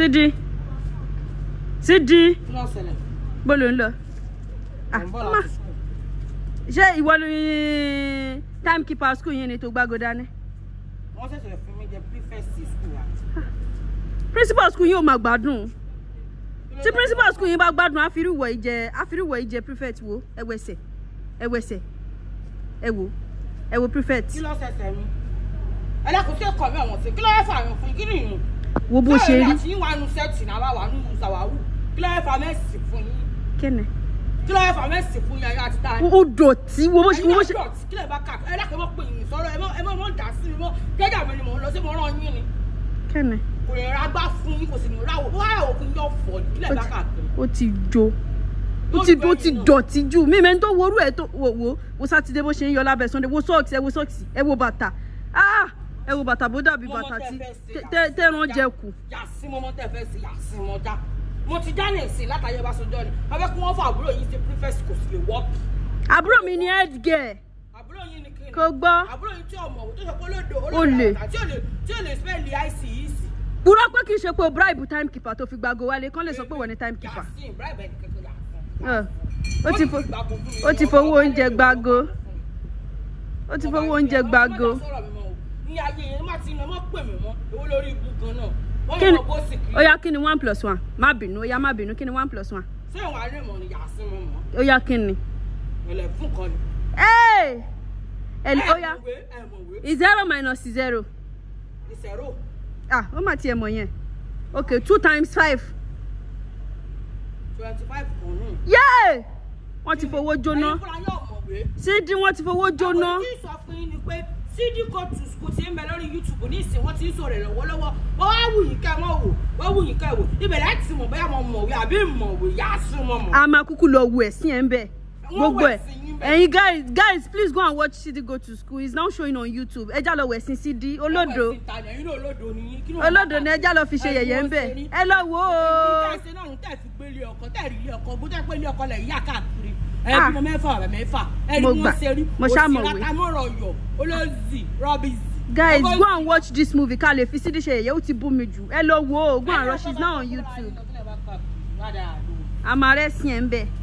Sidi Sidi bó ló ń lọ ah, ṣé ìwọ ni time keeper school yẹn ni tó gbágo dání. wọ́n ṣẹ̀ṣẹ̀ fún mi jẹ prefect school wa. principal school yìí ò máa gbádùn tí principal school yìí bá gbádùn àfirúwọ̀ ìjẹ àfirúwọ̀ ìjẹ prefect wo ẹwẹsẹ̀ ẹwẹsẹ̀ ẹwò ẹwò prefect. kí ló ṣẹ̀ṣẹ̀ mi ẹlẹ́kùn tí ó kọ̀ mí ọ̀wọ̀n sí kí ló yẹ fún àwọn fún kí nìyí wo bó ṣe rí. bẹ́ẹ̀ ni àti wàánu sẹ́ẹ̀tì náà wà wàánu ṣàwáwù kí lọ́ọ́ fà mẹ́sì fún yín. kẹ́nẹ̀. kí lọ́ọ́ fà mẹ́sì fún yín ayé àti tá a ní. o dọ̀tí wo bó ṣe. ẹ̀yin náà dọ̀tí kí lè bá kà ẹ dákẹ́ mọ́ pé yìnyín sọ̀rọ̀ ẹ mọ́ dà sí mi mọ́ jẹ́jà mi ni mò ń lọ sí mo rán yín ni. kẹ́nẹ̀. kò lè ra gbá fún yín kò sì ní ra ti jó ti ó ti dọ̀tí jù tó worú ẹ̀ tó wò wò wo sátidé bó ṣe ń yọ lábẹ́ sunday wo sọ́ọ̀kì ẹ wo sọ́ọ̀kì ẹ wo bàtà ẹ wo bàtà bó dàbí bàtà tí tẹ́ran jẹ kù. yàsí mo mọ tẹ fẹ́ sí yàsí mo já mo ti já ní ìsìn látàyè bá sọjọ́ ni wọ́n fẹ́ kí wọ́n fọ àbúrò yìí ṣe prefect kò sì lè wọ́ọ̀kì. àbúrò mi ni head girl. àbúrò yìí ni kíni. kò gbọ́. àbúrò yìí tí ọmọ òwò tó ṣe pé olódo olódo àtà tí ò lè spell ice yìí sí. purọ́ pé kì í ṣe pé o bribe timekeeper tó fi gbago wálé kán lè sọ pé wọ́n ni timekeeper. yàsí bribe ẹni kẹ́kẹ́ yà ó ti fowó oúnjẹ gbago ó ti fowó oúnjẹ gbago ní ayé yẹn má ti iná má pè mí mọ́ owó lórí ibu gan náà wọ́n ó yá kí one plus one má bínú ó yá má bínú kí one plus one. ṣé ìwà rẹ̀ mọ̀ ni yà sí mọ́ mọ́. ó yá kí ni. fún kan ni. ẹ̀ẹ́d ó yá zero minus zero. zero. ah ó mà tiẹ̀ mọ̀ yẹn okay two times five. twenty five kan náà. yéè wọ́n ti fowó jóná. ẹ̀yin fúnra yóò mọ̀ pé. sídìí wọ́n ti fowó jóná. àwọn tí ì yín ni pé sídìí kóòtù kò ti ń bẹ lórí youtube ní ìsìn wọn ti ń sọ̀rọ̀ lọ́wọ́lọ́wọ́ wọn wá wù yín kẹ wọn wò wọn wù yín kẹ wò ibẹ̀ láti ti mọ̀ bóyá mo mọ̀wé àbí mọ̀wé yá sún mọ mọ. a máa kúkú lọ wo ẹ̀sìn ẹ̀ ń bẹ̀ gbogbo ẹ̀ ẹ̀yin guys guys please go and watch sídìí go to school it's now showing on youtube ẹja lọ wẹ̀sìn sídìí olódo olódo ni ẹja lọ fi ṣe yẹ̀yẹ́ ń bẹ̀ ẹ lọ wò ó. ẹ̀yin tẹ̀sí náà ń tẹ̀sí gbélé ọkọ̀ tẹ̀rí ilé ọkọ̀ bó tẹ́ pé ilé lẹ̀ yá káàkiri Ah. guys go and watch this movie ká lè fi sídìí ṣe èyẹ ó ti bú mi jù ẹ lọ wo go and rush it now on YouTube. Amare sìn ẹ̀ ń bẹ̀.